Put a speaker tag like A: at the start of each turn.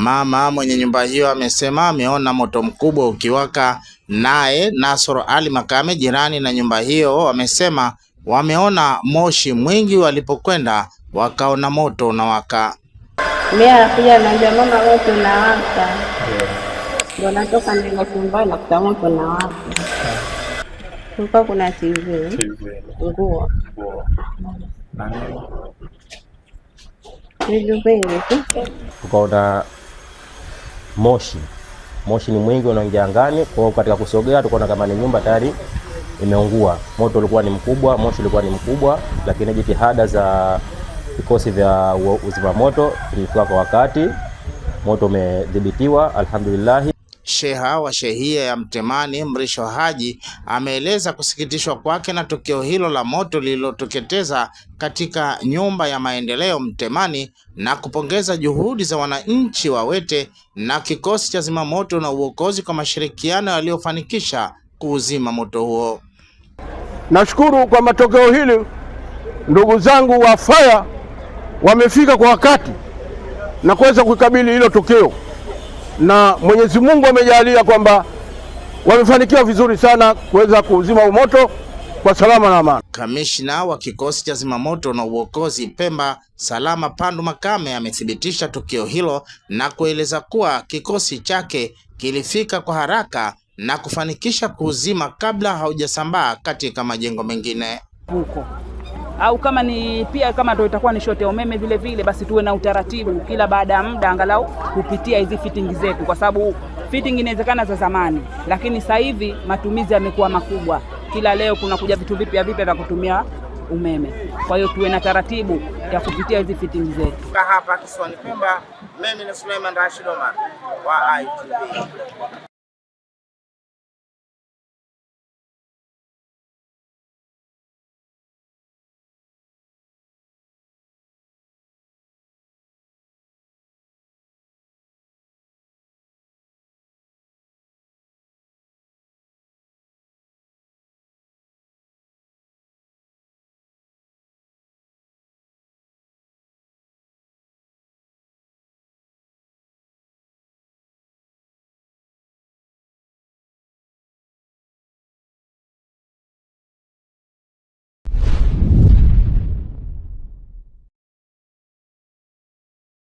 A: Mama mwenye nyumba hiyo amesema ameona moto mkubwa ukiwaka. Naye Nasoro Ali Makame, jirani na nyumba hiyo, amesema wameona moshi mwingi walipokwenda, wakaona moto unawaka.
B: Mimi nakuja naambia mama, moto unawaka, ndio natoka nenda chumbani nakuta moto unawaka, kulikuwa kuna TV, nguo vitu vingi tu
C: ukaona moshi. Moshi ni mwingi unaingia angani, kwa hiyo katika kusogea tukaona kama ni nyumba tayari imeungua. Moto ulikuwa ni mkubwa, moshi ulikuwa ni mkubwa, lakini jitihada za vikosi vya uzima moto kwa wakati, moto umedhibitiwa alhamdulillah.
A: Sheha wa shehia ya Mtemani Mrisho Haji ameeleza kusikitishwa kwake na tukio hilo la moto lililoteketeza katika nyumba ya maendeleo Mtemani na kupongeza juhudi za wananchi wa Wete na kikosi cha zimamoto na uokozi kwa mashirikiano yaliyofanikisha kuuzima moto huo.
D: Nashukuru kwa matokeo hili, ndugu zangu wa faya wamefika kwa wakati na kuweza kukabili hilo tukio na Mwenyezi Mungu amejalia kwamba wamefanikiwa vizuri sana kuweza kuuzima umoto kwa salama na amani.
A: Kamishna wa kikosi cha zimamoto na uokozi Pemba, Salama Pandu Makame, amethibitisha tukio hilo na kueleza kuwa kikosi chake kilifika kwa haraka na kufanikisha kuuzima kabla haujasambaa katika majengo mengine
E: huko au kama ni pia kama ndio itakuwa ni shoti ya umeme vile vile, basi tuwe na utaratibu kila baada ya muda angalau kupitia hizi fitting zetu, kwa sababu fitting inawezekana za zamani, lakini sasa hivi matumizi yamekuwa makubwa. Kila leo kuna kuja vitu vipya vipya vya kutumia umeme, kwa hiyo tuwe na taratibu ya kupitia hizi fitting zetu.
F: Hapa Kiswani Pemba, mimi ni Suleiman Rashid Omar wa ITV.